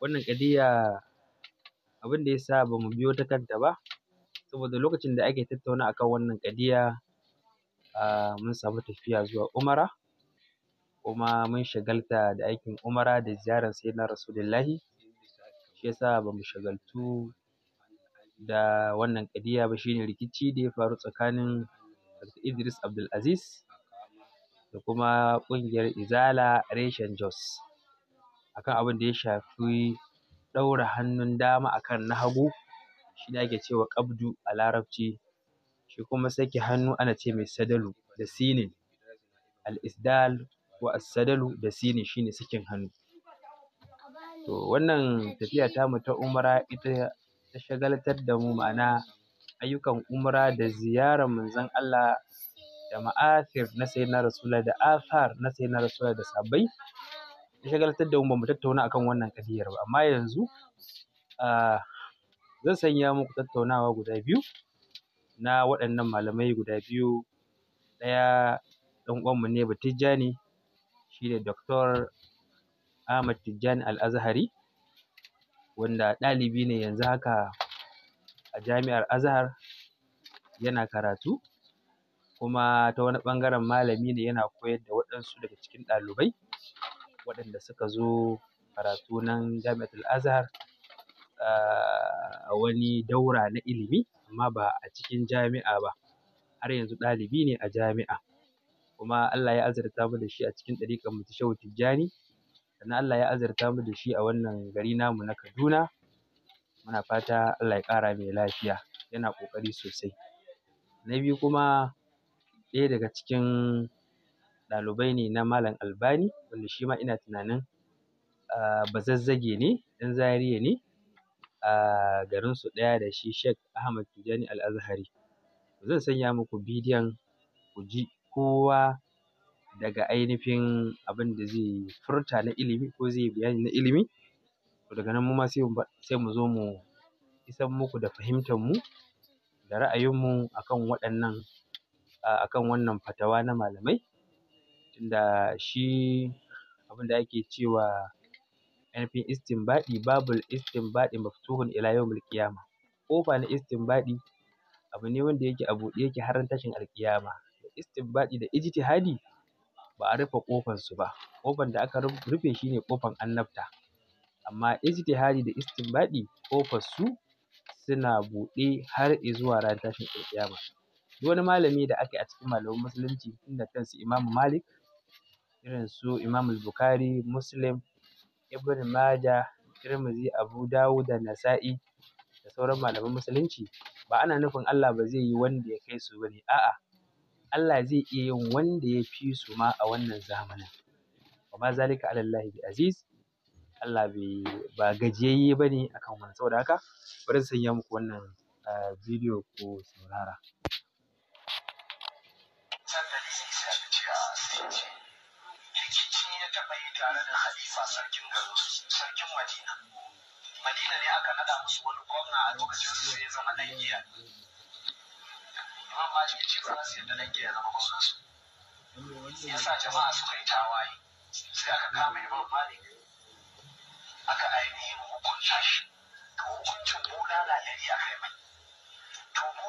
wannan ƙadiyya abin da ya sa ba mu biyo ta kanta ba saboda lokacin da ake tattauna kan wannan ƙadiyya mun samu tafiya zuwa umara kuma mun shagalta da aikin umara da ziyarar sayyidina rasulullahi shi yasa ba shagaltu da wannan ƙadiyya ba shine rikici da ya faru tsakanin Idris Abdulaziz da kuma ƙungiyar Izala reshen Jos. akan abin da ya shafi ɗaura hannun dama akan na hagu shi ne ake cewa ƙabdu a larabci shi kuma saki hannu ana ce mai sadalu da sinin al-isdal wa as-sadalu da sinin ne sakin hannu to wannan tafiya tamu ta umra ita ta shagaltar da mu ma'ana ayyukan umra da ziyarar manzon Allah da ma'asir na sayyidina rasulullah da asar na sayyidina rasulullah da sabbai. ya shagaltar da mu bamu tattauna akan wannan kadiyar ba amma yanzu zan sanya muku tattaunawa guda biyu na waɗannan malamai guda biyu ɗaya ɗan uwanmu ne Batijjani shi ne Dr. Ahmad Tijjani Al-Azhari wanda ɗalibi ne yanzu haka a jami'ar Azhar yana karatu kuma ta wani ɓangaren malami ne yana koyar da waɗansu daga cikin ɗalibai waɗanda suka zo karatu nan jami'atul azhar ah, a wani daura na ilimi amma ba a cikin jami'a ba har yanzu ɗalibi ne a jami'a kuma Allah ya azurta mu da shi a cikin ɗariƙar mu ta Shehu Tijjani sannan Allah ya azurta mu da shi a wannan gari namu na Kaduna muna fata Allah ya ƙara mai lafiya yana ƙoƙari sosai na biyu kuma ɗaya daga cikin ɗalibai ne na Malam Albani wanda shi ma ina tunanin ah, bazazzage ne ɗan Zariya ne ah, garin su ɗaya da shi Sheikh Ahmad Tijani Al-Azhari zan sanya muku bidiyon ku ji kowa daga ainihin abin da zai furta na ilimi ko zai bayani na ilimi to daga nan mu ma sai mu zo mu isar muku da fahimtar mu da ra'ayin mu akan waɗannan ah, akan wannan fatawa na malamai da shi abin ake cewa ainihin istinbadi babul istinbadi maftuhun ila yawmil qiyama kofa na istinbadi abu ne wanda yake a buɗe yake har tashin alkiyama istinbadi da ijtihadi ba a rufe kofar su ba kofar da aka rufe shine kofar annabta amma ijtihadi da istinbadi kofar su suna buɗe har izuwa ran tashin alkiyama duk wani malami da aka yi a cikin malaman musulunci inda kansu Imamu Malik irin su Imam Bukhari, Muslim, Ibn Majah, Tirmidhi, Abu Dawud da Nasa'i da sauran malaman musulunci ba ana nufin Allah ba zai yi wanda ya kai su bane a'a Allah zai iya yin wanda ya fi su ma a wannan zamanin wa ma zalika ala Allah bi aziz Allah bai ba gajiyayye bane akan wannan saboda haka bari sanya muku wannan ah, bidiyo ko saurara lokacin zuwa ya zama ya ce ba zama ya sa jama'a sai aka kama malik aka ainihin shi to hukuncin to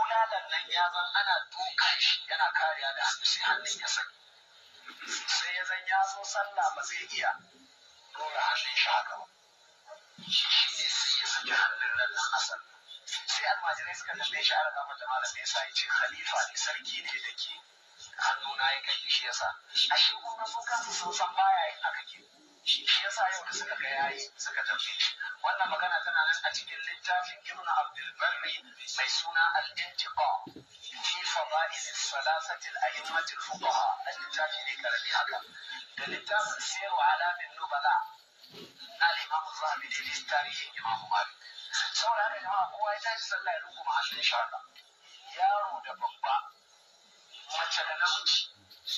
nan ya ana dukan shi yana kariya da sai hannun ya sai ya zo sallah ba zai iya dora hannun shi haka ba shi ne sai ya saki hannun nan na sai almajirai suka tambaye shi ala gafata malam me yasa yace khalifa ne sarki ne da ke hannuna ya kai shi yasa shi kuma su kansu sun san baya yin haka ke shi shi yasa yau da suka ga yayi suka tambaye shi wannan magana tana nan a cikin littafin Ibn Abdul Barri mai suna Al-Intiqa fi fada'il salasati al-a'immati al-fuqaha littafi ne karami haka da littafin sayarwa Alamin Nubala na Imam Zahabi da tarihin Imam Malik saboda haka jama'a kowa ya tashi sallah ya runguma hannun shi haka yaro da babba mace da namiji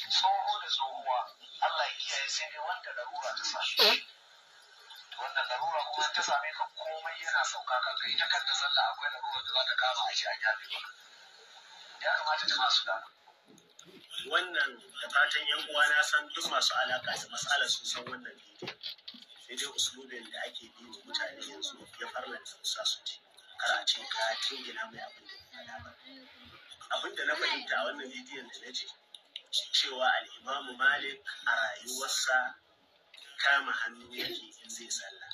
tsoho da tsohuwa Allah ya kiyaye sai dai wanda larura ta same wannan larura kuma ta same ka komai yana sauka kanka ta kanta sallah akwai larura da za ta kama a shi an yafe ba ya kamata ta masu damu wannan da fatan yan uwa na san duk masu alaka da matsalar sun san wannan bidiyo sai dai usulubin da ake bi wa mutane yanzu ya da sa su ci kar ka tingina mai abin da abin da na fahimta a wannan bidiyon da na ji cewa al'imamu malik a rayuwarsa kama hannu yake in zai sallah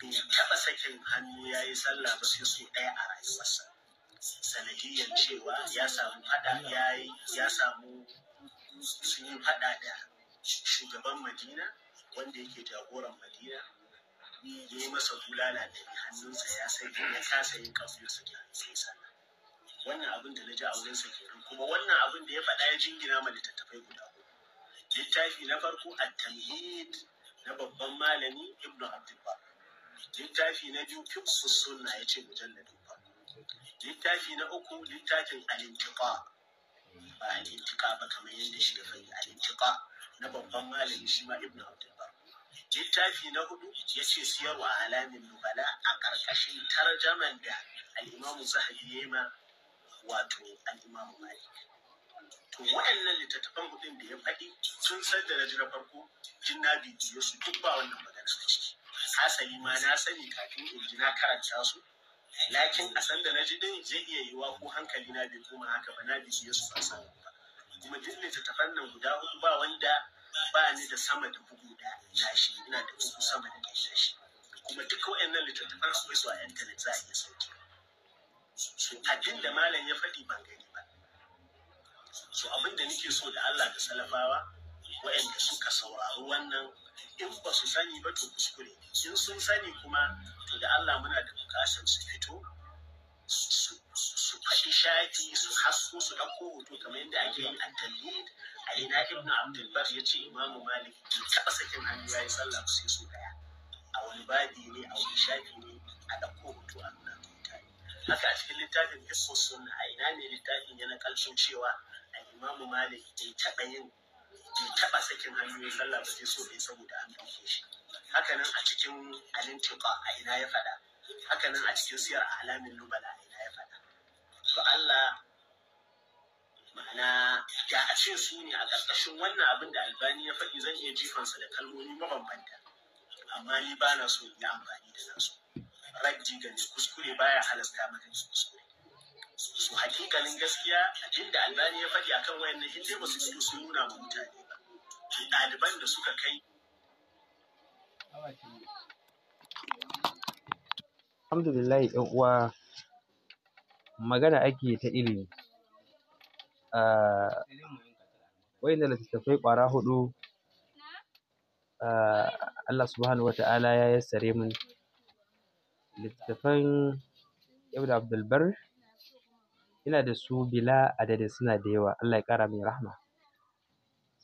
bai taɓa sakin hannu ya yi sallah ba sai su ɗaya a rayuwarsa sanadiyyar cewa ya samu faɗa ya samu sun yi faɗa da shugaban madina wanda yake jagoran madina ya yi masa bulala da hannunsa ya sai ya kasa yin kafin su da sai sana wannan abin da na ji a wurinsa kenan kuma wannan abin da ya faɗa ya jingina ma littattafai guda uku littafi na farko at-tamhid na babban malami ibnu abdullah littafi na biyu ya sunna yace mujalladin farko littafi na uku littafin al-intiqa ba al-intiqa ba kamar yadda shi ya faɗi al-intiqa na babban malami shi ma ibnu abdullah littafi na hudu ya ce siyarwa alamin nubala a ƙarƙashin tarjaman da al'imamu zahabi ya ma wato al'imamu malik to waɗannan littattafan hudun da ya faɗi sun san da na farko jinnabi bibiyo su duk ba wannan magana a ciki hasali ma na sani kafin in ji na karanta su lakin a san da na ji din zai iya yiwa ko hankali na bai koma haka ba na bibiyo su ba samu ba kuma duk littattafan nan guda hudu ba wanda ba ni da sama da bugu da gashi ina da bugu sama da gashi kuma duk wayannan littattafan akwai su a intanet za a iya sauke abin da malam ya faɗi ban gani ba so abin da nake so da Allah da salafawa wayanda suka saurari wannan in ba su sani ba to kuskure in sun sani kuma to da Allah muna da bukatar su fito su faɗi shafi su hasko su ɗauko hoto kamar yadda ake yin a A ina ibn Abdul Bar ya ce Imam Malik bai taɓa sakin hannu yayi sallah sai su daya. A wani babi ne a wani shafi ne a dauko hoto a nuna Haka a cikin littafin Hissu Sunna a ina ne littafin ya nakalcin cewa a Imam Malik bai taɓa yin bai taɓa sakin hannu yayi sallah ba sai so ɗaya saboda an ɗauke shi. Haka nan a cikin Alintiqa a ina ya faɗa. Haka nan a cikin siyar alamin Lubala a ina ya faɗa. To Allah ma'ana da a ce su ne a ƙarƙashin wannan abin da albani ya faɗi zan iya jifansa da kalmomi mabambanta amma ni ba na so in amfani da nasu raddi ga kuskure baya halasta maka kuskure su hakikalin gaskiya abin da albani ya faɗi akan wayannan in dai ba su fito su nuna ma mutane ba ɗaliban da suka kai alhamdulillah yan uwa magana ake ta ilimi Eh, wa'innan littattafai ƙwara huɗu eh, Allah subhanahu wata'ala ya yassare min littattafan Ibn Abdul ina da su bila adadin suna da yawa Allah ya ƙara min rahma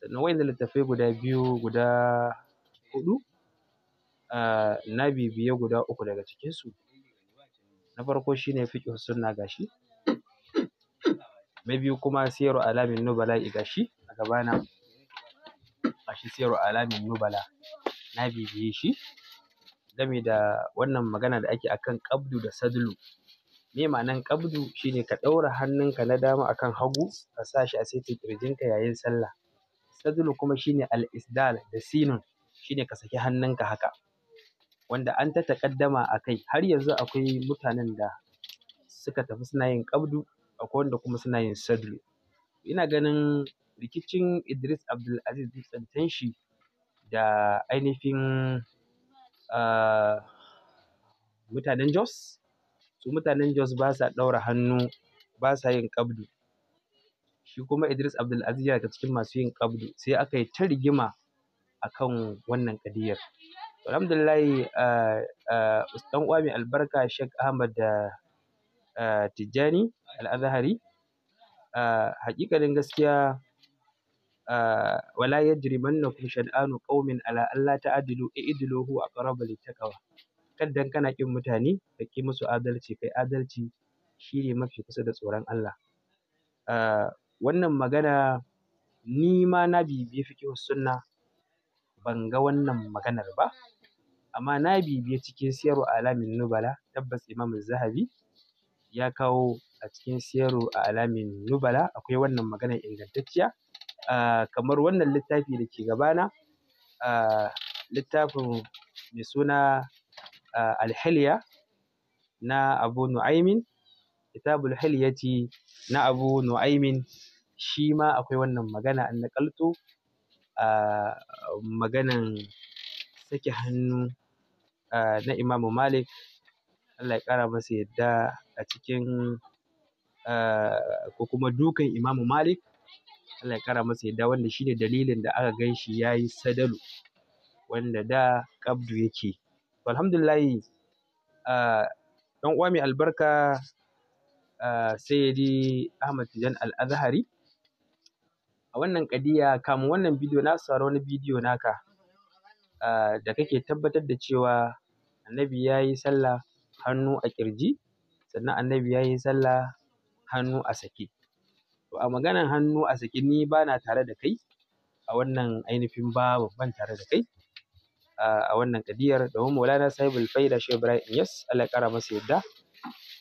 sannan wa'innan littattafai guda biyu guda huɗu eh, na bibiye guda uku daga cikinsu na farko shi ne fiqhu sunna gashi na biyu kuma siyaru alamin nubala shi a gabana shi siyaru alamin nubala na bibiye shi game da wannan magana da ake akan ƙabdu da sadlu me ma'anan ƙabdu shine ka ɗaura hannunka na dama akan hagu ka sa shi a saitin ƙirjinka yayin sallah sadlu kuma shine al-isdal da sinun shine ka saki hannunka haka wanda an ta taƙaddama a kai har yanzu akwai mutanen da suka tafi suna yin ƙabdu akwai wanda kuma suna yin surgery. Ina ganin rikicin Idris Abdulaziz tsintan shi da ainihin ah, mutanen Jos. Su mutanen Jos ba sa ɗaura hannu, ba sa yin ƙabdu. Shi kuma Idris Abdulaziz yana daga cikin masu yin ƙabdu. Sai aka yi ta rigima a kan wannan ƙadiyar. Alhamdulillahi ah, ah, ɗan mai albarka shek Ahmad da Eh, Tijjani Al-Azhari eh, haƙiƙanin gaskiya eh, wala mannakum shan'anu qaumin ala Allah ta'dilu i'dilu huwa aqrabu littaqwa kar dan kana kin mutane ka ki musu adalci kai adalci shine mafi kusa da tsoron Allah wannan magana ni ma na bibiye fiqhus sunna ban ga wannan maganar ba amma na bibiye cikin siyarwa alamin nubala tabbas Imam Zahabi ya kawo a cikin siyaru a alamin nubala akwai wannan magana ingantacciya kamar wannan littafi da ke gabana littafin mai suna alhiliya na abu nu'aimin kitabul halyati na abu nu'aimin shi ma akwai wannan magana an naƙalto maganan sake hannu na imamu malik Allah ya ƙara masa yadda a cikin ah, ko kuma dukan Imamu Malik Allah ya ƙara masa yadda wanda shine dalilin da aka gan shi ya yi sadalu wanda da ƙabdu yake alhamdulillahi ah, ɗan uwa mai albarka ah, sayyidi Ahmad Tijan Al-Azhari a wannan ƙadiya kamun wannan bidiyo na saurari wani bidiyo naka da kake tabbatar da cewa annabi ya yi sallah hannu a ƙirji sannan annabi ya yi sallah hannu a sake to a maganan hannu a sake ni ba tare da kai a wannan ainihin babu ban tare da kai a wannan kadiyar domin maulana sahibul faida shehu ibrahim yas allah ya kara masa yadda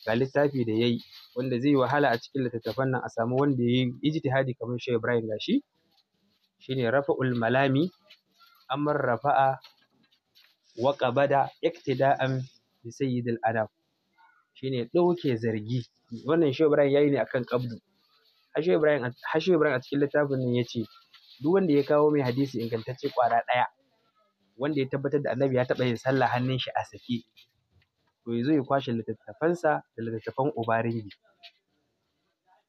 ga littafi da ya yi wanda zai wahala a cikin littattafan nan a samu wanda ya yi ijtihadi kamar shehu ibrahim gashi shine rafa'ul malami amr rafa'a wa qabada iktida'an fi dal adab shine ɗauke zargi wannan shehu ibrahim yayi ne akan qabdu hashe ibrahim hashe ibrahim a cikin littafin nan yace duk wanda ya kawo mai hadisi ingantacce kwara ɗaya wanda ya tabbatar da annabi ya taɓa yin sallah hannun shi a sake to yazo ya kwashe littattafansa da littattafan ubaringi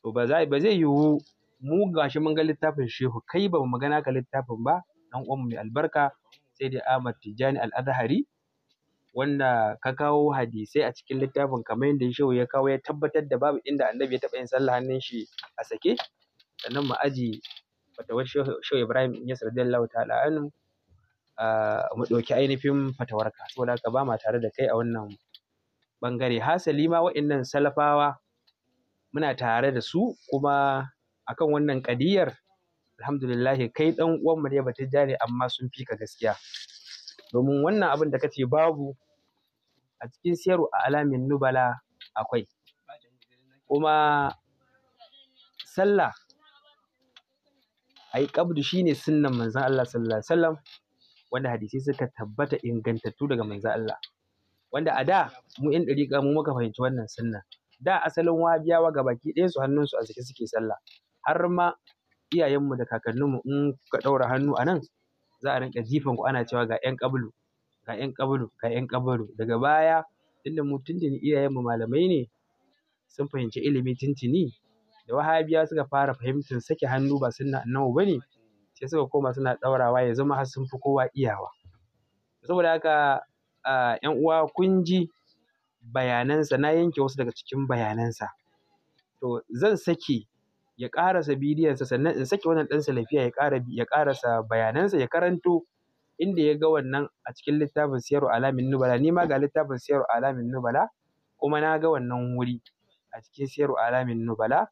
to ba zai yiwu mu gashi mun ga littafin shehu kai ba mu magana ka littafin ba dan uwan mai albarka sai dai Ahmad Tijjani Al-Azhari wanda ka kawo hadisai a cikin littafin kamar yadda shehu ya kawo ya tabbatar da babu inda annabi ya taɓa yin sallah hannun shi a sake sannan mu aji fatawar shehu ibrahim inyas radiyallahu ta'ala anhu mu ɗauki ainihin fatawarka saboda haka ba ma tare da kai a wannan ɓangare hasali ma wa'innan salafawa muna tare da su kuma akan wannan kadiyar alhamdulillah kai ɗan uwan mu ne ba ta ne amma sun fi ka gaskiya domin wannan abin da kace babu a cikin siyarwa a alamin nubala akwai kuma sallah ai kabdu shine sunnan manzon Allah sallallahu alaihi wasallam wanda hadisi suka tabbata ingantattu daga manzon Allah wanda a da mu yan dariƙa mu muka fahimci wannan sunna da asalin wahabiyawa ga baki ɗaya su hannunsu a jiki suke sallah har ma iyayenmu da kakanninmu in ka ɗaura hannu a nan za a rinƙa jifan ku ana cewa ga 'yan ƙablu ga 'yan ƙabaru ga 'yan ƙabaru daga baya tunda mu iyayen mu malamai ne sun fahimci ilimi tuntuni da wahabiyawa suka fara fahimtar sake hannu ba sunnar annabi bane sai suka koma suna ɗaurawa ya zama har sun fi kowa iyawa saboda haka yan uwa kun ji bayanansa na yanke wasu daga cikin bayanansa to zan sake ya ƙarasa bidiyonsa sannan in sake wannan ɗan salafiya ya ƙarasa bayanansa ya karanto inda ya ga wannan a cikin littafin Siyaru Alamin Nubala ni ma ga littafin Siyaru Alamin Nubala kuma na ga wannan wuri a cikin Siyaru Alamin Nubala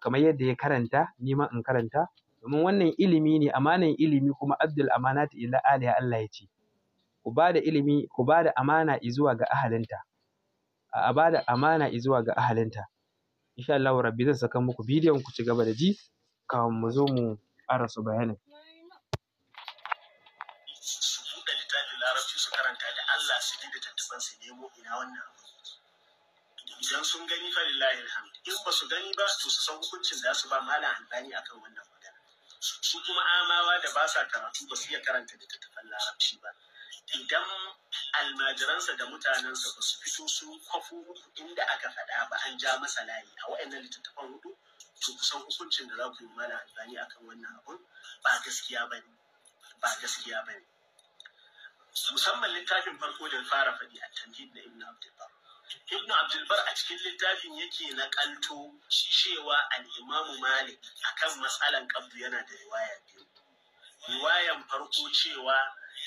kamar yadda ya karanta ni ma in karanta domin wannan ilimi ne amanan ilimi kuma abdul amanati ila aliha Allah ya ce ku ba da ilimi ku ba da amana zuwa ga ahalinta a ba da amana zuwa ga ahalinta insha Allah rabbi zan saka muku bidiyon ku ci gaba da ji kafin mu zo mu ƙarasa bayanin na wannan abu idan sun gani fa lillahi alhamd in ba su gani ba to su san hukuncin da su ba malam albani akan wannan magana su kuma amawa da ba sa karatu ba su iya karanta littattafan larabci ba idan almajiransa da mutanensa ba su fito su kwafo muku inda aka faɗa ba an ja masa layi a wa'annan littattafan hudu to kusan hukuncin da za ku yi mana albani akan wannan abun ba gaskiya bane. ba gaskiya ba musamman littafin farko da fara faɗi a tanjid na ibn abdulbar ibn abdulbar a cikin littafin yake na kanto cewa imamu malik akan matsalan kabdu yana da riwaya biyu riwayan farko cewa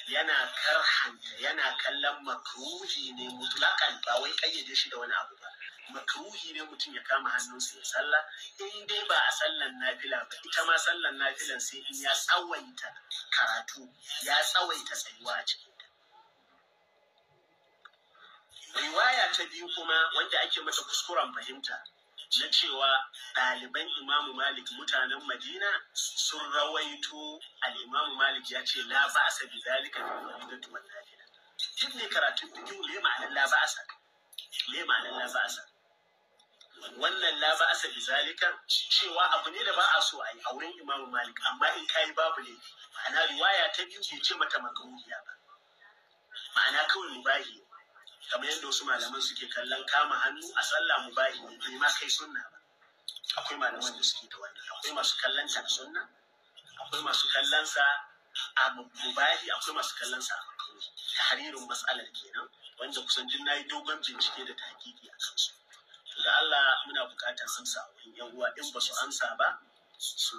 yana karhanta yana kallon makruhi ne mutlakan ba wai kayyade shi da wani abu ba makruhi ne mutum ya kama hannunsa ya salla in dai ba a sallan nafila ba ita ma sallan nafilan sai in ya tsawaita karatu ya tsawaita tsayuwa a ciki riwaya ta biyu kuma wanda ake mata kuskuren fahimta na cewa ɗaliban imamu malik mutanen madina sun rawaito al'imamu malik ya ce la ba sa bi zalika fi madinatu wal madina duk ne karatun bidiyo ne ma'anar la ba sa ne ma'anar la ba sa wannan la ba sa bi zalika cewa abu ne da ba a so a yi a wurin imamu malik amma in kayi babu ne ma'ana riwaya ta biyu bai ce mata makauniya ba ma'ana kawai mu mubahi kamar yadda wasu malaman suke kallon kama hannu a sallah mu ba ne ma kai sunna ba akwai malaman da suke da wannan akwai masu kallon ta sunna akwai masu kallon sa a mubahi akwai masu kallon sa tahririn mas'alar kenan wanda kusan jin nayi dogon bincike da tahqiqi a kansu to da Allah muna buƙatar amsa a wurin yan uwa in ba su amsa ba su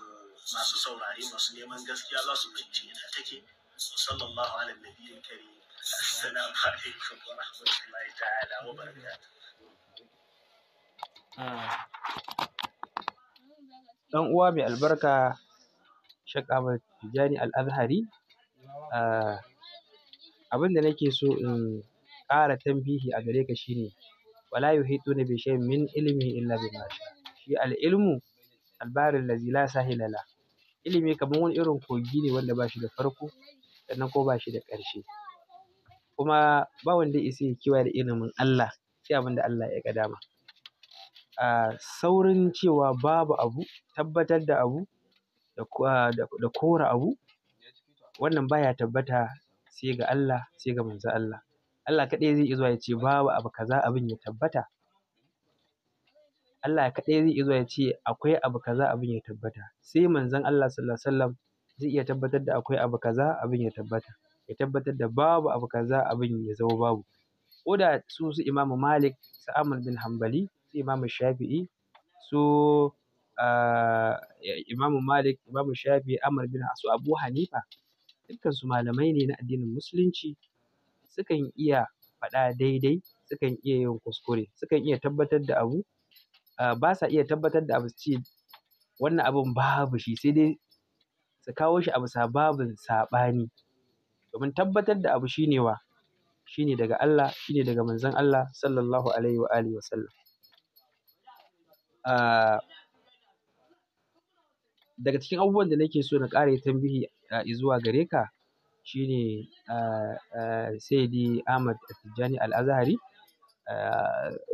masu saurare masu neman gaskiya za su bincike take وصلى الله على النبي الكريم السلام عليكم ورحمة الله تعالى وبركاته dan uwa mai albarka Sheikh Ahmad Tijani Al-Azhari ah, abin da nake so in ƙara tambihi a gare ka shine wala na bi shay'in min ilmihi illa bima shi al-ilmu albarin lazi la sahila la ilimi kamar wani irin kogi ne wanda ba shi da farko sannan ko ba shi da ƙarshe kuma ba wanda isa ya kiwa da ilimin Allah sai abin da Allah ya ga dama a saurin cewa babu abu tabbatar da abu da kora abu wannan baya tabbata sai ga Allah sai ga manzo Allah Allah kaɗai zai iya zuwa ya ce babu abu kaza abin ya tabbata Allah kaɗai zai iya zuwa ya ce akwai abu kaza abin ya tabbata sai manzon Allah sallallahu alaihi wasallam zai iya tabbatar da akwai abu kaza abin ya tabbata ya tabbatar da babu abu kaza abin ya zama babu ko da su su Imam Malik su Ahmad bin Hanbali su Imam Shafi'i su ah, Imam Malik Imam Shafi'i Ahmad bin su Abu Hanifa su malamai ne na addinin musulunci sukan iya faɗa daidai sukan iya yin kuskure sukan iya tabbatar da abu ah, ba sa iya tabbatar da abu ce wannan abun babu shi sai dai su kawo shi a bisa babin saɓani domin tabbatar da abu shine wa shine daga Allah shine daga manzon Allah sallallahu alaihi wa alihi wasallam daga cikin abubuwan da nake so na ƙara tambihi zuwa gare ka shine saidi Ahmad Tijjani Al-Azhari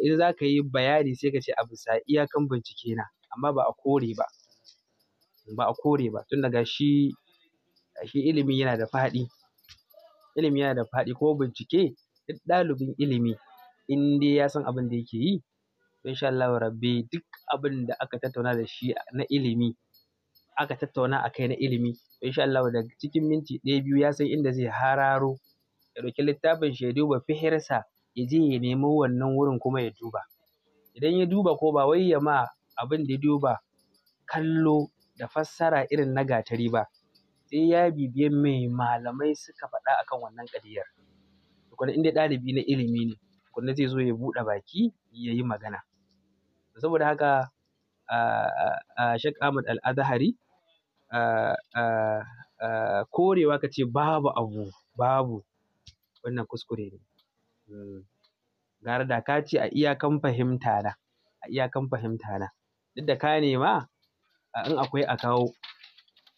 in za ka yi bayani sai ka ce a bisa iyakan bincike na amma ba a kore ba ba a kore ba tun daga shi shi ilimi yana da faɗi ilimi yana da faɗi ko bincike duk ɗalibin ilimi in dai ya san abin da yake yi insha Allahu rabbi duk abin da aka tattauna da shi na ilimi aka tattauna a kai na ilimi insha Allahu daga cikin minti ɗaya biyu ya san inda zai hararo ya ɗauki littafin shi ya duba fihirsa ya je ya nemi wannan wurin kuma ya duba idan ya duba ko ba wai ya ma abin da ya duba kallo da fassara irin na gatari ba sai ya bibiye mai malamai suka faɗa akan wannan ƙadiyar tukuna inda ɗalibi na ilimi ne tukuna zai zo ya buɗe baki ya yi magana saboda haka a Sheikh Ahmad Al-Azhari korewa ka ce babu abu babu wannan kuskure ne hmm, gara da ka ce a iyakan fahimta na a iyakan fahimta na duk da ka nema A in akwai a kawo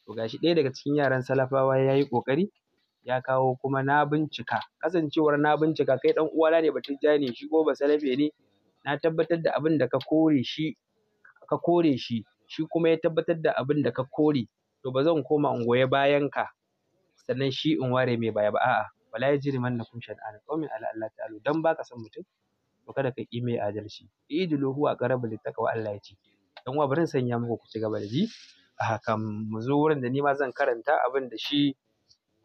to gashi ɗaya daga cikin yaran salafawa ya yi ƙoƙari ya kawo kuma na bincika kasancewar na bincika kai ɗan uwana ne ne shi ko ba salafe ne na tabbatar da abin da ka kore shi ka kore shi shi kuma ya tabbatar da abin da ka kore to ba zan koma in goyi bayan ka sannan shi in ware mai baya ba a'a wala yajriman nakum shan'an qaumin ala Allah ta'ala dan baka san mutum to kada ka ki mai adalci idulu huwa qarabu littaqwa Allah ya ce Yan uwa bari in sanya muku ku ci gaba da ji a hakan mu zo wurin da ni ma zan karanta abin da shi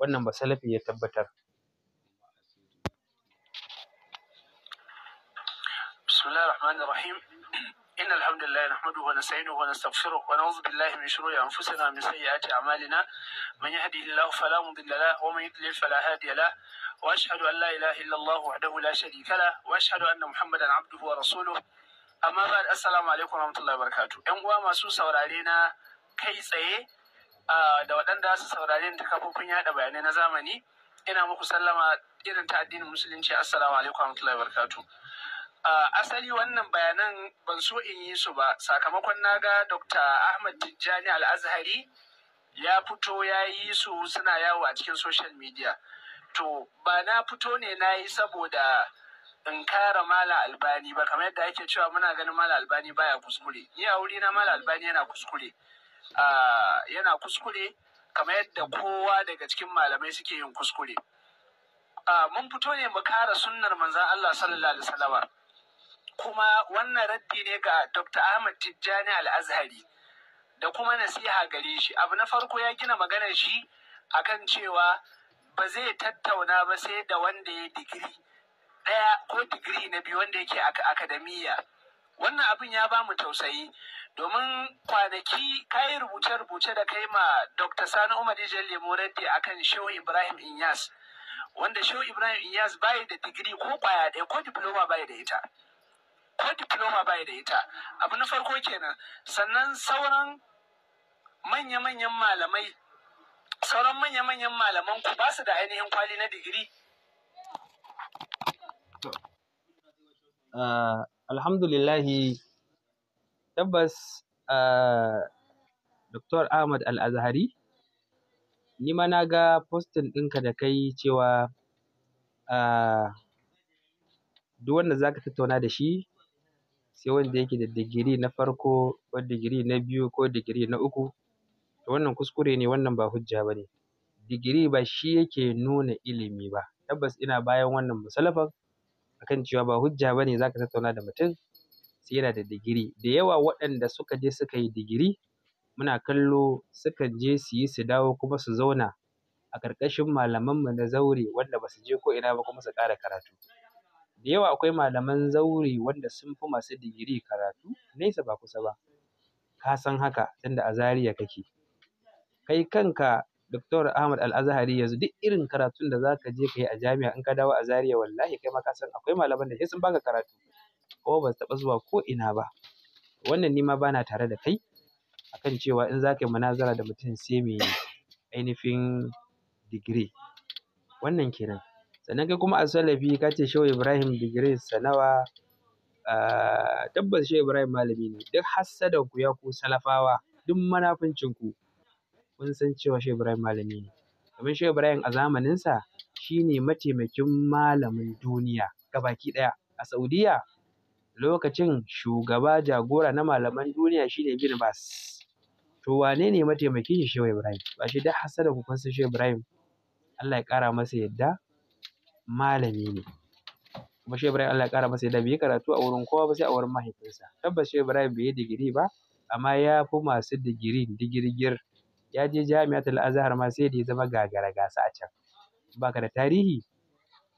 wannan basalafi ya tabbatar. بسم الله الرحمن الرحيم الحمد لله نحمده ونستعينه ونستغفره ونعوذ بالله من شرور أنفسنا ومن سيئات أعمالنا من يهده الله فلا مضل له ومن يضلل فلا هادي له لا الله وحده لا شريك amma ba da assalamu alaikum wa barakatu yan uwa masu saurare na kai tsaye da waɗanda su saurare ta kafofin yaɗa bayanai na zamani ina muku sallama irin ta addinin musulunci assalamu alaikum wa barakatu asali wannan bayanan ban so in yi su ba sakamakon naga dr ahmad tijjani al-azhari ya fito ya yi su suna yawo a cikin social media to ba na fito ne na yi saboda In kara mala albani ba kamar yadda ake cewa muna ganin mala albani baya kuskure ni a wuri na mala albani yana kuskure ah, yana kuskure kamar yadda kowa daga cikin malamai suke yin kuskure ah, mun fito ne mu kara sunnar manzan Allah sallallahu alaihi wasallam kuma wannan raddi ne ga Dr. Ahmad Tijjani Al-Azhari da kuma nasiha gare shi abu na farko ya gina maganar shi akan cewa ba zai tattauna ba sai da wanda ya digiri ɗaya ko digiri na biyu wanda yake a akademiya wannan abin ya ba mu tausayi domin kwanaki kayi rubuce-rubuce da kai ma dr sani umar lemo a kan shehu ibrahim inyas wanda shehu ibrahim inyas bai da digiri ko kwaya ɗaya ko diploma bai da ita ko diploma da ita abu na farko kenan sannan sauran manya-manyan malamai sauran manya-manyan malaman ku ba su da ainihin kwali na digiri Uh, alhamdulillahi tabbas uh, Dr. Ahmad Al-Azhari ni ma na ga postin ɗinka da kai cewa uh, duk wanda za ka tattauna da shi sai wanda yake da digiri na farko ko digiri na biyu ko digiri na uku to wannan kuskure ne wannan ba hujja ba ne digiri ba shi yake nuna ilimi ba tabbas ina bayan wannan musalafan akan cewa ba hujja bane zaka tattauna da mutum sai yana da digiri da yawa waɗanda suka je suka yi digiri muna kallo suka je su yi su dawo kuma su zauna a ƙarƙashin mu na zaure wanda ba su je ko ina ba kuma su ƙara karatu da yawa akwai malaman zaure wanda sun fi masu digiri karatu nesa ba kusa ba ka san haka tunda a Zaria kake kai kanka Dr. Ahmad Al-Azhari yanzu duk irin karatun da zaka je ka yi a jami'a in ka dawo a Zaria wallahi kai ma ka san akwai malaman da sai sun baka karatu ko ba su taɓa zuwa ko ina ba. Wannan ni ma bana tare da kai akan cewa in za ka yi munazara da mutum sai mai ainihin digiri. Wannan kenan. Sannan kai kuma a Salafi ka ce Shehu Ibrahim digirinsa nawa? tabbas Shehu Ibrahim malami ne. Duk hassadan ku ya ku Salafawa duk manafincinku ku mun san cewa Shehu Ibrahim malami ne. Domin Shehu Ibrahim a zamaninsa shi ne mataimakin malamin duniya gabaki ɗaya. A Saudiya lokacin shugaba jagora na malaman duniya shi ne Bin Bas. To wane ne mataimakin shi Shehu Ibrahim? Ba shi da hasada ku san Shehu Ibrahim. Allah ya ƙara masa yadda malami ne. Kuma Shehu Ibrahim Allah ya ƙara masa yadda bai yi karatu a wurin kowa ba sai a wurin mahaifinsa. Tabbas Shehu Ibrahim bai yi digiri ba amma ya fi masu digiri digirgir ya je jami'atul azhar ma sai da ya zama gagara gasa a can baka da tarihi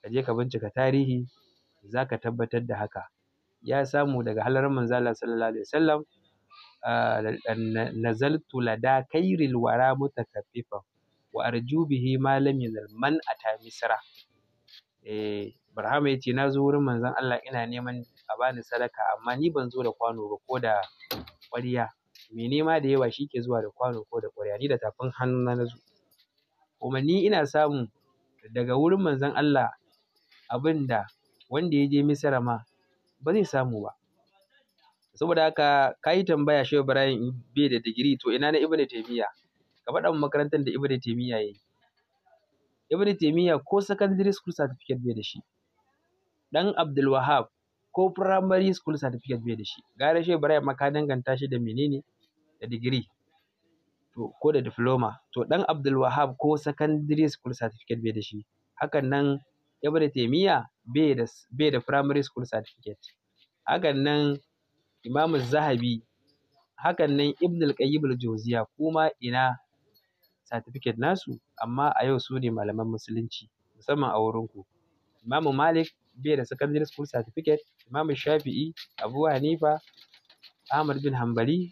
ka je ka bincika tarihi zaka tabbatar da haka ya samu daga halar manzala sallallahu alaihi wasallam nazaltu lada kairil wara mutakaffifa wa arju bihi ma lam man ata misra eh Barhama ya ce na zo wurin manzon Allah ina neman a bani sadaka amma ni ban zo da kwano ba ko da ƙwarya mai nema da yawa shi ke zuwa da kwano ko da ƙwarya ni da tafin hannu na zo kuma ni ina samun daga wurin manzon Allah abinda wanda ya je Misra ma ba zai samu ba saboda haka ka yi tambaya Shehu Ibrahim bai da digiri to ina na Ibn Taymiyyah ka faɗa min makarantar da Ibn ya yayi Ibn ko secondary school certificate bai da shi dan Abdul Wahab ko primary school certificate bai da shi gara Shehu Ibrahim ma ka danganta shi da menene da digiri to ko da diploma to ɗan Abdul ko secondary school certificate bai da shi hakan nan Ibn Taymiyyah bai da bai da primary school certificate hakan nan Imam Zahabi hakan nan Ibn al-Qayyim al kuma ina certificate nasu amma a yau su ne malaman musulunci musamman a wurinku Imam Malik bai da secondary school certificate Imam Shafi'i Abu Hanifa Ahmad bin Hanbali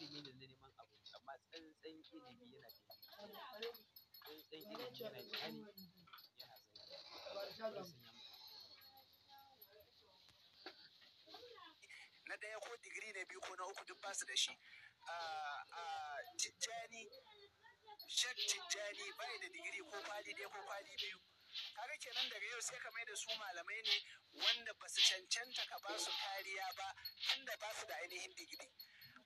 ilimi da neman abinci amma tsantsan ilimi yana taimako tsantsan ilimi yana kare yana na ɗaya ko digiri na biyu ko na uku duk basu da shi tijjani shek tijjani bai da digiri ko kwali ɗaya ko kwali biyu kaga kenan daga yau sai ka mai da su malamai ne wanda basu cancanta ka basu kariya ba tunda basu da ainihin digiri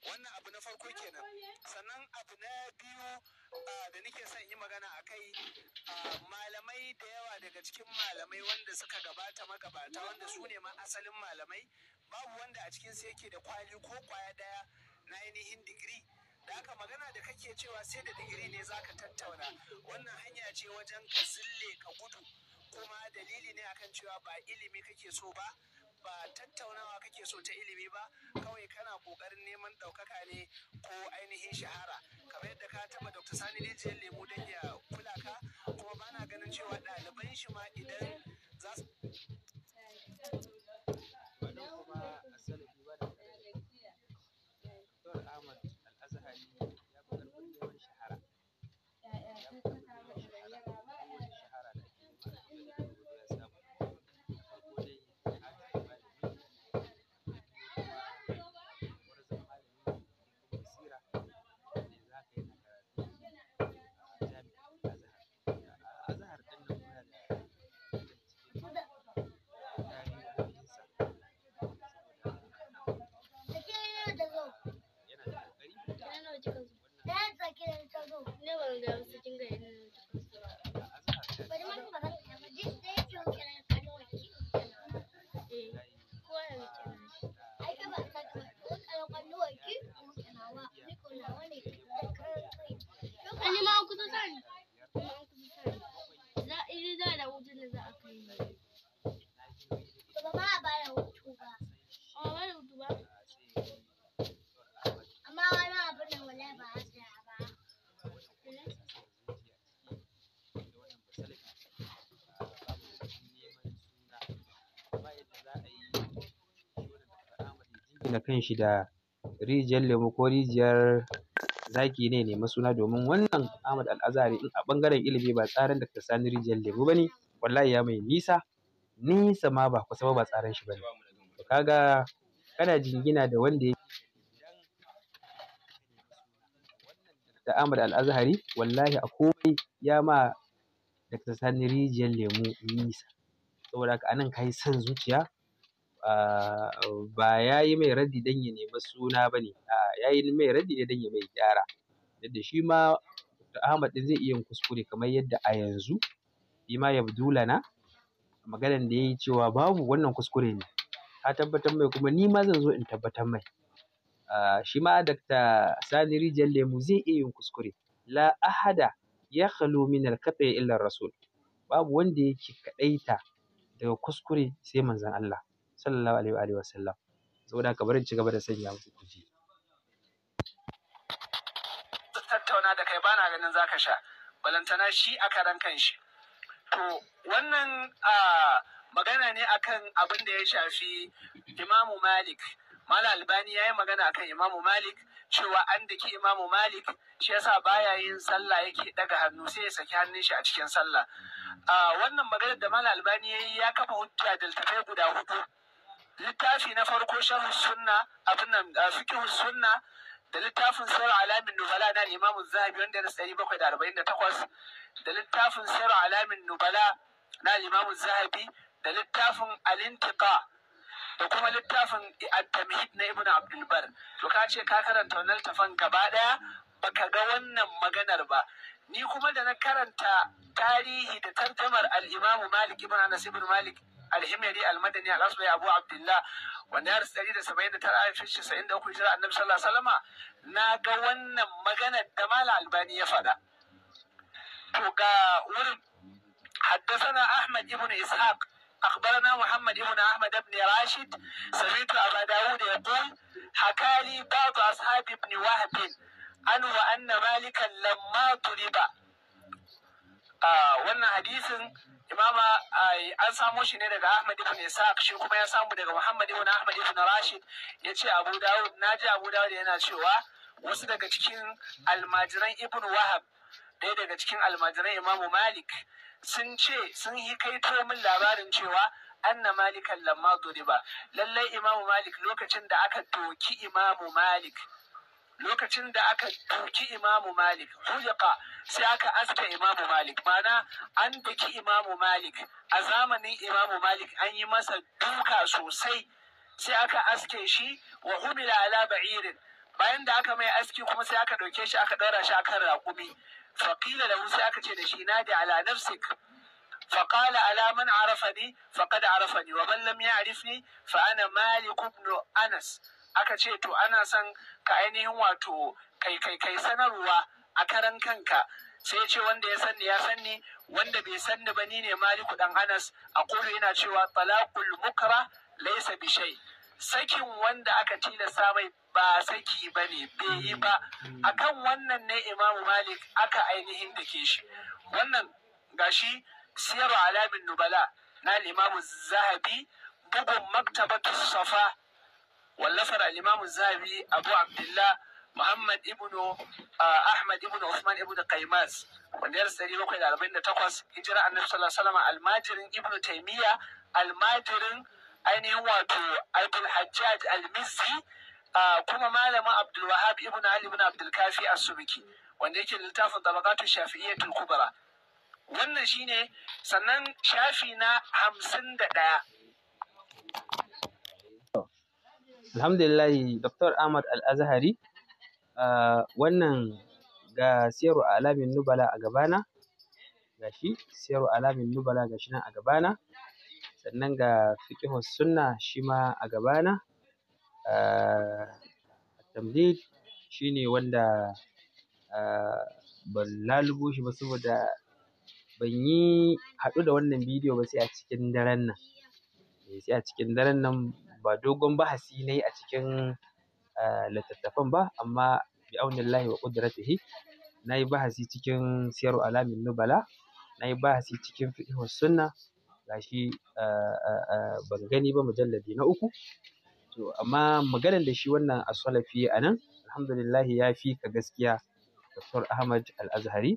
wannan abu na farko kenan sannan abu na biyu da nake son yi magana a kai malamai da yawa daga cikin malamai wanda suka gabata magabata wanda su ne ma asalin malamai babu wanda a cikinsu yake da kwali ko kwaya daya na ainihin digiri da aka magana da kake cewa sai da digiri ne zaka tattauna wannan hanya ce wajen ka zille ka gudu kuma dalili ne akan cewa ba ilimi kake so ba ba tattaunawa kake so ta ilimi ba kawai kana kokarin neman ɗaukaka ne ko ainihin shahara kamar yadda ka taba dr sani ne jiyan lemu don ya kula ka kuma bana ganin cewa ɗaliban shi ma idan za su jingina kanshi da rijiyar lemo ko rijiyar zaki ne nemi suna domin wannan Ahmad Al-Azhari in a ɓangaren ilimi ba tsarin da ka sani rijiyar lemo ne? wallahi ya mai nisa nisa ma ba kusa ba ba tsarin shi bane to kaga kana jingina da wanda ya da Ahmad Al-Azhari wallahi a komai ya ma da ka sani rijiyar lemo nisa saboda haka anan kayi san zuciya ba ya yi mai radi don ya nemi suna ba ne ya yi mai radi ne don ya mai gyara yadda shi ma Ahmad zai iya kuskure kamar yadda a yanzu shi ma na, maganan da ya yi cewa babu wannan kuskure ne Ka tabbatar mai kuma ni ma zan zo in tabbatar mai shi ma Dr. Sani Rijal Lemu zai iya yin kuskure la ahada ya khalu min al illa rasul babu wanda yake kaɗaita daga kuskure sai manzon Allah sallallahu alaihi wa alihi sallam saboda haka bari in ci gaba da sanya muku kuji tattauna da kai bana ganin zaka sha balantana shi a karan kan shi to wannan magana ne akan abin da ya shafi imamu malik mala albani ya yi magana akan imamu malik cewa an daki imamu malik shi yasa baya yin sallah yake daga hannu sai ya saki hannun shi a cikin sallah wannan maganar da mala albani ya yi ya kafa hujja da guda hudu littafi na farko shan sunna abin nan fiqh sunna da littafin sayar alamin nubala na imamu zahabi wanda ya rasu bakwai da arba'in da takwas da littafin sayar alamin nubala na imamu zahabi da littafin alintika da kuma littafin at-tamhid na ibnu abdulbar to ka ce ka karanta wannan littafin gaba daya baka ga wannan maganar ba ni kuma da na karanta tarihi da tarjamar al-imamu malik ibn anas ibn malik alhimari almadani al-asbai abu abdullah wanda ya dari da saba'in da tara da annabi sallallahu na ga wannan maganar da mala albani ya faɗa to ga wurin حدثنا أحمد بن إسحاق أخبرنا محمد بن أحمد بن راشد سمعت أبا داود يقول حكى لي بعض أصحاب ابن وهب أن وأن مالكا لما طلب آه حديث imama an samo shi ne daga Ahmad ibn Isaq shi kuma ya samu daga Muhammad ibn Ahmad ibn Rashid ya ce Abu Dawud na ji Abu Dawud yana cewa wasu daga cikin almajiran ibn Wahab ɗaya daga cikin almajiran Imamu Malik sun ce sun yi kaito min labarin cewa anna malikan lamma duriba lallai imamu malik lokacin da aka doki imamu malik lokacin da aka doki imamu malik hujaka sai aka aske imamu malik mana an daki imamu malik a zamanin imamu malik an yi masa duka sosai sai aka aske shi wa humila ala ba'irin bayan da aka mai aski kuma sai aka ɗauke shi aka ɗora shi akan raƙumi faƙila da sai aka ce da shi nadi ala nafsik فقال على من عرفني فقد عرفني ومن لم يعرفني فأنا مالك بن أنس aka ce to ana son ka ainihin wato kai kai kai sanarwa a karan kanka sai ce wanda ya sanni ya sanni wanda bai sanni ba ni ne maliku dan anas a kulu yana cewa balakul mukra laisa bi sakin wanda aka tilasta mai ba saki ba ne bai yi ba akan wannan ne imamu malik aka ainihin dake shi wannan gashi siyarwa alamin nubala na limamu zahabi bugun maktabatu safa wallafar al Zabi Abu Abdullah Muhammad ibn uh, Ahmad ibn Usman, ibn Qaimas wanda ya da 748 hijira annabi sallallahu alaihi wasallam almajirin ibn Taymiyyah almajirin ainihin wato Abdul Hajjaj al uh, kuma malamin abdulwahab Wahhab ibn Ali ibn Abdul Kafi wanda yake littafin tabaqatu shafi'iyyatul kubra wannan shine sannan shafi na da 51 Alhamdulillah Dr. Ahmad Al-Azhari uh, wannan ga siyarwa alamin nubala a gabana shi siyarwa alamin nubala gashi nan a gabana sannan ga fiqhus sunna shi ma a gabana uh, tamdid ne wanda uh, ban lalubo shi ba saboda ban yi haɗu da wannan bidiyo ba sai a cikin daren nan eh, sai a cikin daren nan ba dogon bahasi na yi a cikin eh, littattafan ba amma bi lahi wa yi na yi bahasi cikin siyar alamin nubala na yi bahasi cikin fiqhus sunna shi eh, eh, ban gani ba mujalladi na uku to amma maganar da shi wannan asalafi a nan alhamdulillahi ya fi ka gaskiya Dr. Ahmad Al-Azhari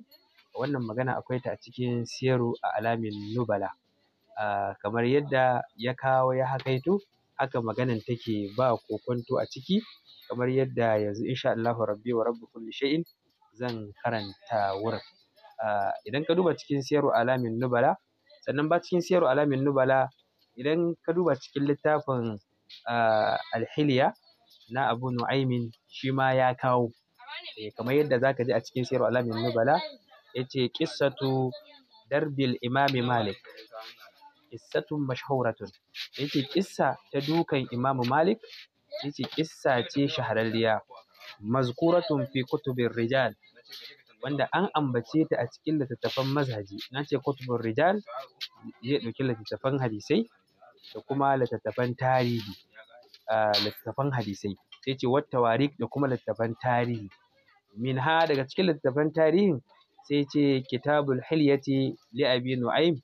wannan magana akwai ta a cikin siyaru a alamin nubala ah, kamar yadda ya kawo ya hakaito haka maganan take ba kokwanto a ciki kamar yadda yanzu insha Allahu rabbi wa rabbu kulli shay'in zan karanta wurin idan ka duba cikin siyaru alamin nubala sannan ba cikin siyaru alamin nubala idan ka duba cikin littafin alhiliya na abu nu'aimin shi ma ya kawo eh, kamar yadda zaka ji a cikin siyaru alamin nubala yace qissatu darbil imami malik qissatun mashhuratun yace kissa ta dukan Imam Malik yace kissa ce shahararriya mazkuratun fi kutubir rijal wanda an ambace ta a cikin littattafan mazhaji na ce kutubur rijal ya ɗauki littattafan hadisai da kuma littattafan tarihi littattafan hadisai sai ce wat tawarik da kuma littattafan tarihi min ha daga cikin littattafan tarihin sai ce kitabul hilyati li abi nu'aym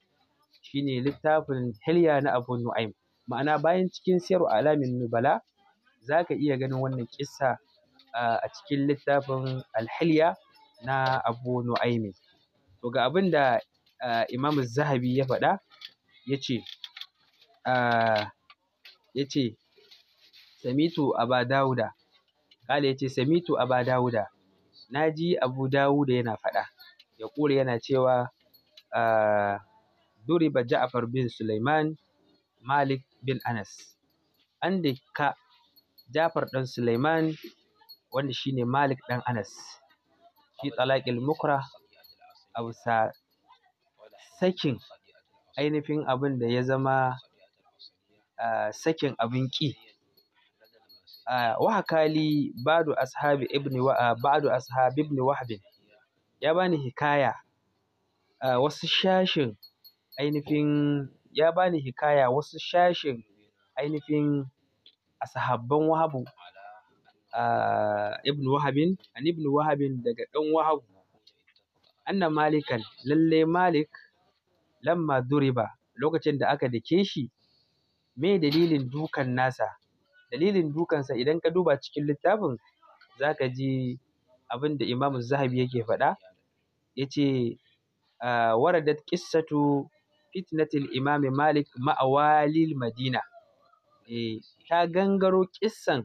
shine littafin hilya na abu nu'aym ma'ana bayan cikin siyaru alamin nubala za ka iya ganin wannan kissa a cikin littafin alhilya na abu nu'aimi to ga abin da imam zahabi ya faɗa ya ce ya ce samitu aba dawuda kala ya ce samitu aba dawuda na ji abu dawuda yana faɗa ya ƙure yana cewa duriba ja'far bin sulaiman malik bin Anas an daka Jafar ɗan Sulaiman wanda shi ne Malik ɗan Anas fi talaqil mukra a bisa sakin ainihin abin da ya zama sakin abin ƙi wahakali ba'du ashabi ibn ba'du ashabi ibn wahb ya bani hikaya wasu shashin ainihin ya bani hikaya wasu sashin ainihin asahabban Wahabu ah, ibn Wahabin an ibn Wahabin daga ɗan Wahabu anna malikan lalle malik lamma duriba lokacin da aka dake shi me dalilin dukan nasa dalilin dukansa idan ka duba cikin littafin za ka ji abin da imamu zahabi yake faɗa ya ce ah, waradat ƙissatu fitnatil imami malik ma'awalil madina eh, ta gangaro kissan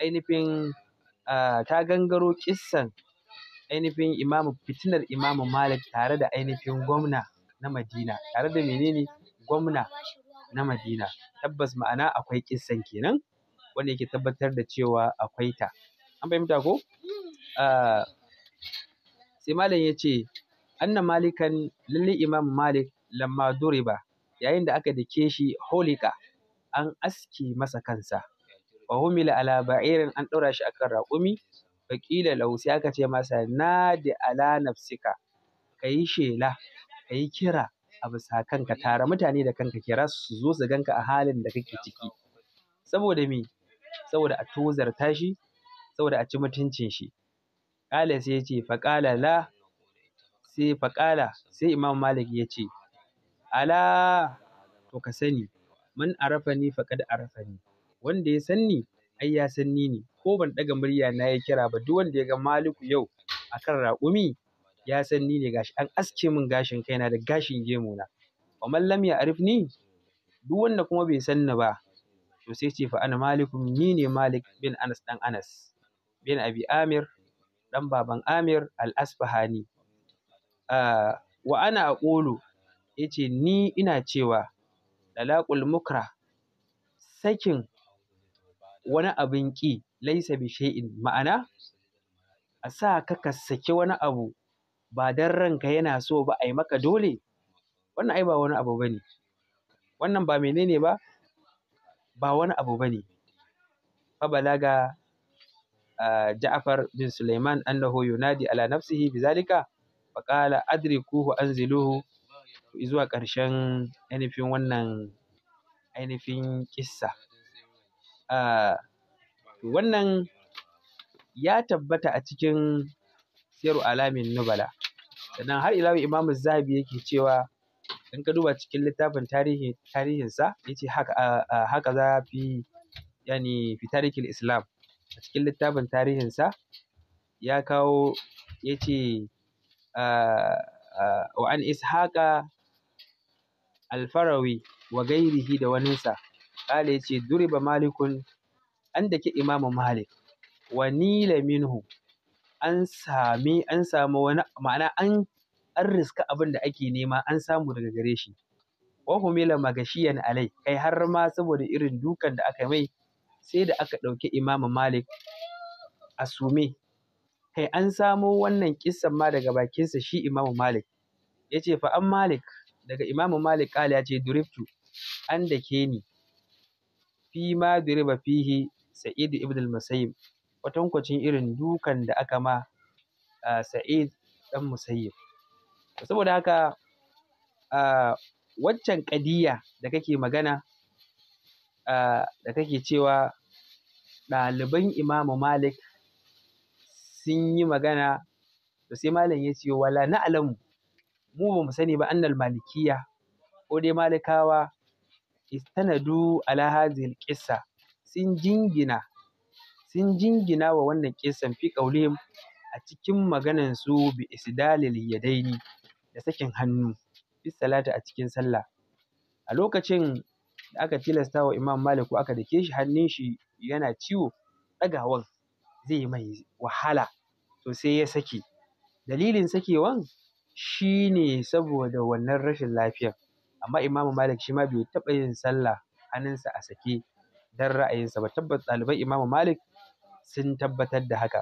ainihin ta gangaro kissan ainihin imamu fitinar imamu malik tare da ainihin gwamna na madina tare da menene gwamna na madina tabbas ma'ana akwai kissan kenan wanda yake tabbatar da cewa akwai ta an fahimta ko sai malam ya ce anna malikan lalle imam malik lamma duriba yayin da aka dake shi holika an aski masa kansa wa humila ala ba'irin an ɗora shi akan raƙumi fa qila lahu sai aka ce masa na nadi ala nafsika kayi shela kayi kira a bisa kanka tara mutane da kanka kira su zo su ganka a halin da kake ciki saboda me saboda a tozarta shi saboda a ci mutuncin shi ƙala sai ya ce faƙala la sai faƙala sai imam malik ya ce ala to ka sani man arafani faqad arafani wanda ya sanni ai ya sanni ne ko ban ɗaga murya na ya kira ba duk wanda ya ga maliku yau akan raƙumi ya sanni ne gashi an aske min gashin kaina da gashin gemu na. wa man lam ya'rifni duk wanda kuma bai sanna ba to sai ce fa ana malikum ni ne malik bin anas dan anas bin abi amir dan baban amir al asfahani ah, wa ana aqulu ya ce ni ina cewa ɗalaƙul mukrah sakin wani abin ƙi laisa bi shay'in ma'ana a sa ka ka saki wani abu ba dan ranka yana so ba ai maka dole wannan ai ba wani abu bane wannan ba menene ba ba wani abu bane fa balaga Ja'far bin Sulaiman annahu yunadi ala nafsihi bizalika فقال adrikuhu anziluhu zuwa ƙarshen ainihin wannan ainihin kissa. Uh, wannan ya tabbata a cikin siyar siyaru alamin nubala sannan har ila imamu zahabi yake cewa in ka duba cikin littafin tarihi tarihinsa ya ce haka, za fi yani fi islam a cikin littafin tarihinsa ya kawo ya ce uh, wa an ishaqa alfarawi wa gairihi da waninsa kale yace duriba malikun an daki imamu malik wa nila minhu an samu wani ma'ana an an riska abin da ake nema an samu daga gare shi wa humila magashiyan alai kai har ma saboda irin dukan da aka mai sai da aka ɗauki imamu malik a sume kai an samo wannan kissan ma daga bakinsa shi imamu malik Ya ce fa an malik daga imamu malik kala ce duriftu an da ke ni fi ma duriba fihi Sa'idu ibn al-musayyib kwatankwacin irin dukan da aka ma sa'id dan musayyib saboda haka waccan kadiya da kake magana da kake cewa ɗaliban imamu malik sun yi magana to sai malam ya ce wala alamu. mu ba mu sani ba annal malikiya ko dai malikawa istanadu ala hazil qissa sun jingina sun jingina wa wannan kissan fi qaulihim a cikin maganan su bi isdalil yadaini da sakin hannu fi salati a cikin sallah a lokacin da aka tilasta wa imam malik ko aka dake shi hannun shi yana ciwo tsagawan zai mai wahala to sai ya sake dalilin sakewan shi ne saboda wannan rashin lafiyar. Amma Imamu Malik shi ma bai taɓa yin sallah hannunsa a sake don ra'ayinsa ba. Tabbas ɗaliban Imamu Malik sun tabbatar da haka.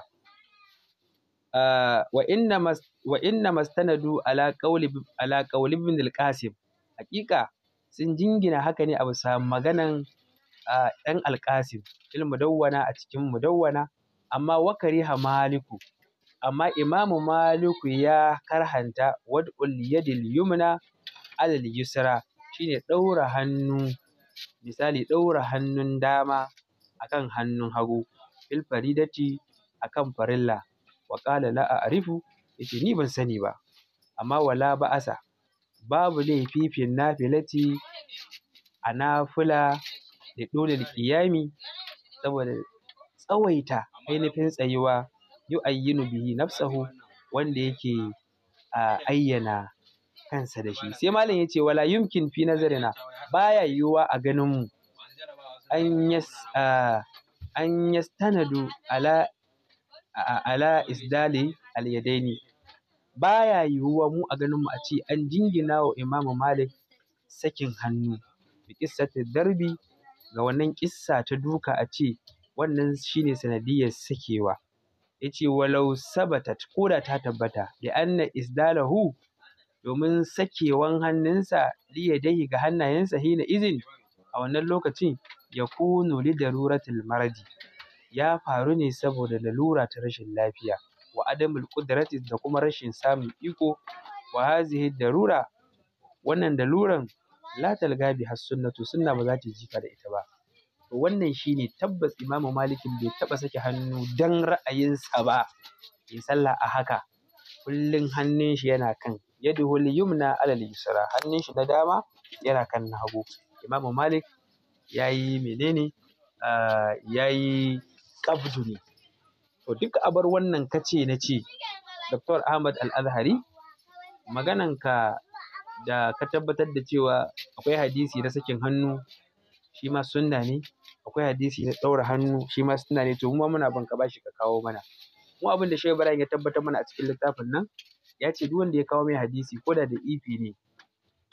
Ah, wa inna mastanadu ala qawli ibn al-qasim haƙiƙa sun jingina haka ne a bisa maganan ah, ɗan al-qasim fil mudawwana a cikin mudawwana amma wakariha maliku amma Imamu Maliku ya karhanta wad'ul yadil yumna alal yusra shine ɗaura hannu misali ɗaura hannun dama akan hannun hagu fil faridati akan farilla wa qala la a'rifu yace ni ban sani ba amma wala ba'asa babu laifi fin nafilati a nafila da dolil qiyami saboda tsawaita ainihin tsayuwa yu'ayyinu bihi nafsahu wanda yake ayyana kansa da shi sai malam yace wala yumkin fi nazarina baya yiwuwa a ganin mu an yas an ala isdali alyadaini baya yiwuwa mu a ganin mu a ce an jingina wa imamu malik sakin hannu bi kissati darbi ga wannan kissa ta duka a ce wannan shine sanadiyar sakewa yace walau sabatat koda ta tabbata da anna isdalahu domin sakewan hannunsa li yadayhi ga hannayensa hina izin a wannan lokacin yakunu li daruratil maradi ya faru ne saboda lalura ta rashin lafiya wa adamul qudrati da kuma rashin samun iko wa hazihi darura wannan daluran la talga biha sunnatu sunna ba za ta jika da ita ba to wannan shi ne tabbas imamu malikin bai taɓa sake hannu don ra'ayinsa ba ya sallah a haka kullum hannun shi yana kan yadda yaduhul yumna alal yusra hannun shi na dama yana kan na hagu imamu malik ya yayi menene yi qabdu ne to duk a bar wannan kace na ce Dr. Ahmad Al-Azhari magananka da ka tabbatar da cewa akwai hadisi na sakin hannu shi ma sunna ne akwai hadisi na ɗaura hannu shi ma sunna ne to mu ma muna bin ka bashi ka kawo mana mu abin da Shehu Ibrahim ya tabbatar mana a cikin littafin nan ya ce duk wanda ya kawo mai hadisi ko da da ifi ne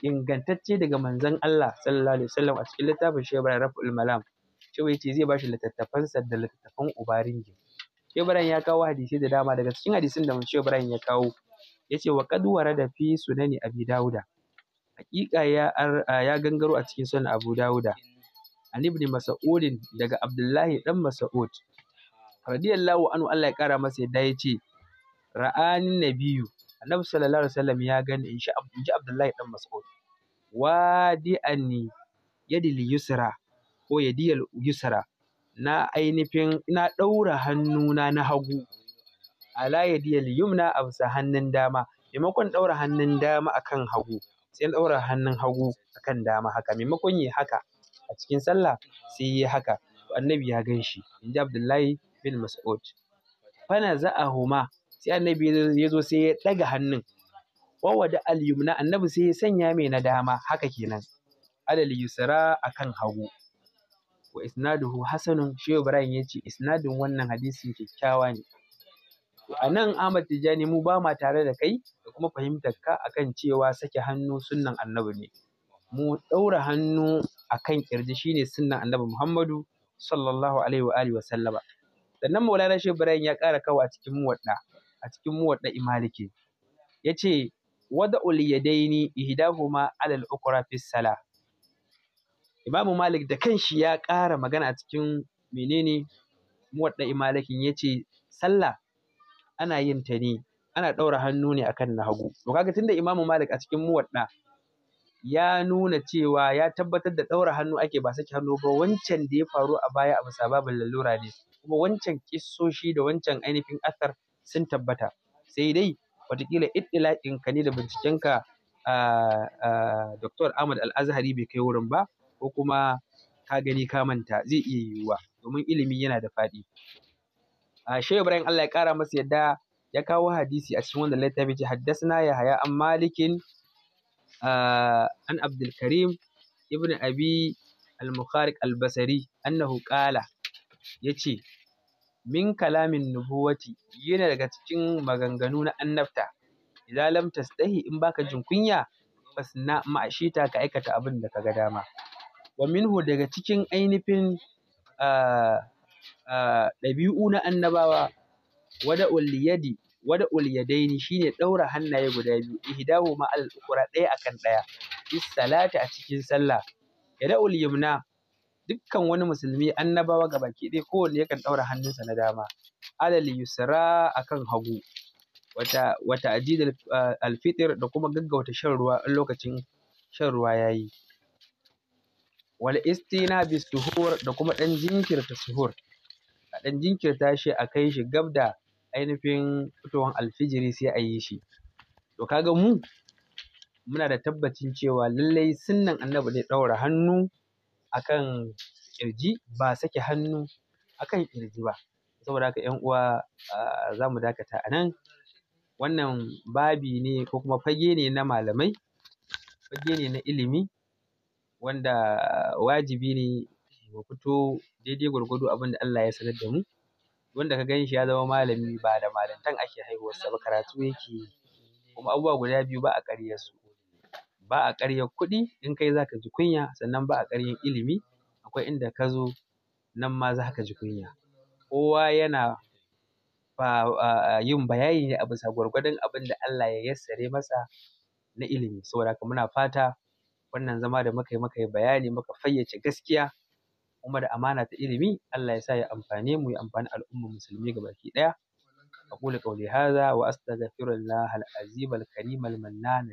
ingantacce daga manzon Allah sallallahu alaihi wasallam a cikin littafin Shehu Ibrahim Raf'ul Malam Shehu ya ce zai bashi littattafansa da littattafan Ubaringi Shehu Ibrahim ya kawo hadisi da dama daga cikin hadisin da Shehu Ibrahim ya kawo ya ce wa qad warada fi sunani Abi Dawuda hakika ya, gangaro a cikin sunan Abu Dawuda Ali ibn Mas'ud daga abdullahi dan mas'ud radiyallahu anhu Allah ya kara masa yadda ya ce ra'ani nabiyu annabi sallallahu alaihi wasallam ya gani in ji abdullahi dan mas'ud wadi anni yadil yusra ko yadiyal yusra na ainifin na ɗaura hannuna na hagu ala yadiyal yumna a hannun dama maimakon ɗaura hannun dama akan hagu sai na hannun hagu akan dama haka maimakon yi haka a cikin sallah sai ya haka. Annabi ya gan shi. ji Abdullahi bin Mas'ud. Fanaza'ahuma sai Annabi ya zo sai ya ɗaga hannun. Wawada al-yumna Annabi sai ya sanya mai na dama haka kenan. Alal yusra akan hagu. Wa isnaduhu hasanun Shehu Ibrahim ya ce isnadin wannan hadisin kyakkyawa ne. a nan Ahmad Tijjani mu ba ma tare da kai da kuma fahimtar ka akan cewa sake hannu sunnan annabi ne. Mu ɗaura hannu akan kirji shine sunnan annabi Muhammadu sallallahu alaihi wa alihi wa sallama sannan maulana shehu ibrahim ya ƙara kawo a cikin muwadda a cikin muwadda imalike yace wada ul yadaini ihdahuma alal ukra fi sala imamu malik da kanshi ya ƙara magana a cikin menene muwadda imalikin yace sallah ana yin ta ne ana ɗaura hannu ne akan na hagu to kaga tunda imamu malik a cikin muwadda ya nuna cewa ya tabbatar da ɗaura hannu ake ba saki hannu ba wancan da ya faru a baya a bisa babin lalura ne kuma wancan kissoshi da wancan ainihin athar sun tabbata sai dai watakila iddilaƙin ka ne da bincikenka Dr. Ahmad Al-Azhari bai kai wurin ba ko kuma ka gani ka manta zai iya yiwuwa domin ilimi yana da faɗi. Shehu Ibrahim Allah ya ƙara masa yadda ya kawo hadisi a cikin wanda littafi ce na ya haya an malikin an Abdulkarim ibn Abi al-Mukhariq al-Basri annahu qala yace min kalamin nubuwati yana daga cikin maganganu na annabta idza lam tastahi in baka jin kunya fasna ma'ashita ka aikata abin da ka ga dama wa minhu daga cikin ainifin ɗabi'u na annabawa wada uliyadi wada ul shine daura hannaye guda biyu ihdahu ma al ukra daya akan daya bis salati a cikin sallah yada ul yumna dukkan wani musulmi annabawa gabaki ɗaya kowanne yakan daura hannunsa na dama alal yusra akan hagu wata wata ah, al fitr da kuma gaggauta shan ruwa a lokacin shan ruwa yayi wal istina bis suhur da kuma dan jinkirta suhur a jinkirta shi a kai shi gabda ainihin fitowan alfijiri sai a yi shi to kaga mu muna da tabbacin cewa lallai sunnan annabi ne ɗaura hannu akan ƙirji ba sake hannu akan ƙirji ba saboda haka yan uwa za mu dakata a nan wannan babi ne ko kuma fage ne na malamai fage ne na ilimi wanda wajibi ne mu fito daidai gwargwado abin da Allah ya sanar da mu wanda ka ganshi ya zama malami ba da malamtan ake haihuwarsa ba karatu yake yi kuma abubuwa guda biyu ba a su, ba a ƙaryar kuɗi in kai zaka ji kunya sannan ba a ƙaryar ilimi akwai inda ka zo nan ma za ka ji kunya kowa yana yin bayani ne a bisa gwargwadon abin da Allah ya yassare masa na ilimi saboda haka muna fata wannan zama da muka yi muka yi bayani muka fayyace gaskiya kuma da amana ta ilimi Allah ya sa ya amfane mu ya amfani al'ummar musulmi gabaki ɗaya. أقول قولي هذا وأستغفر الله العظيم الكريم المنان